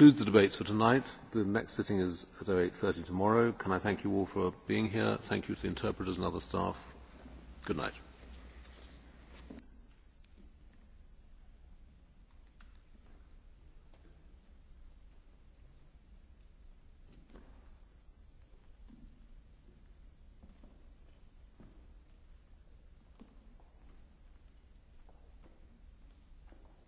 concludes the debates for tonight. The next sitting is at thirty tomorrow. Can I thank you all for being here? Thank you to the interpreters and other staff. Good night.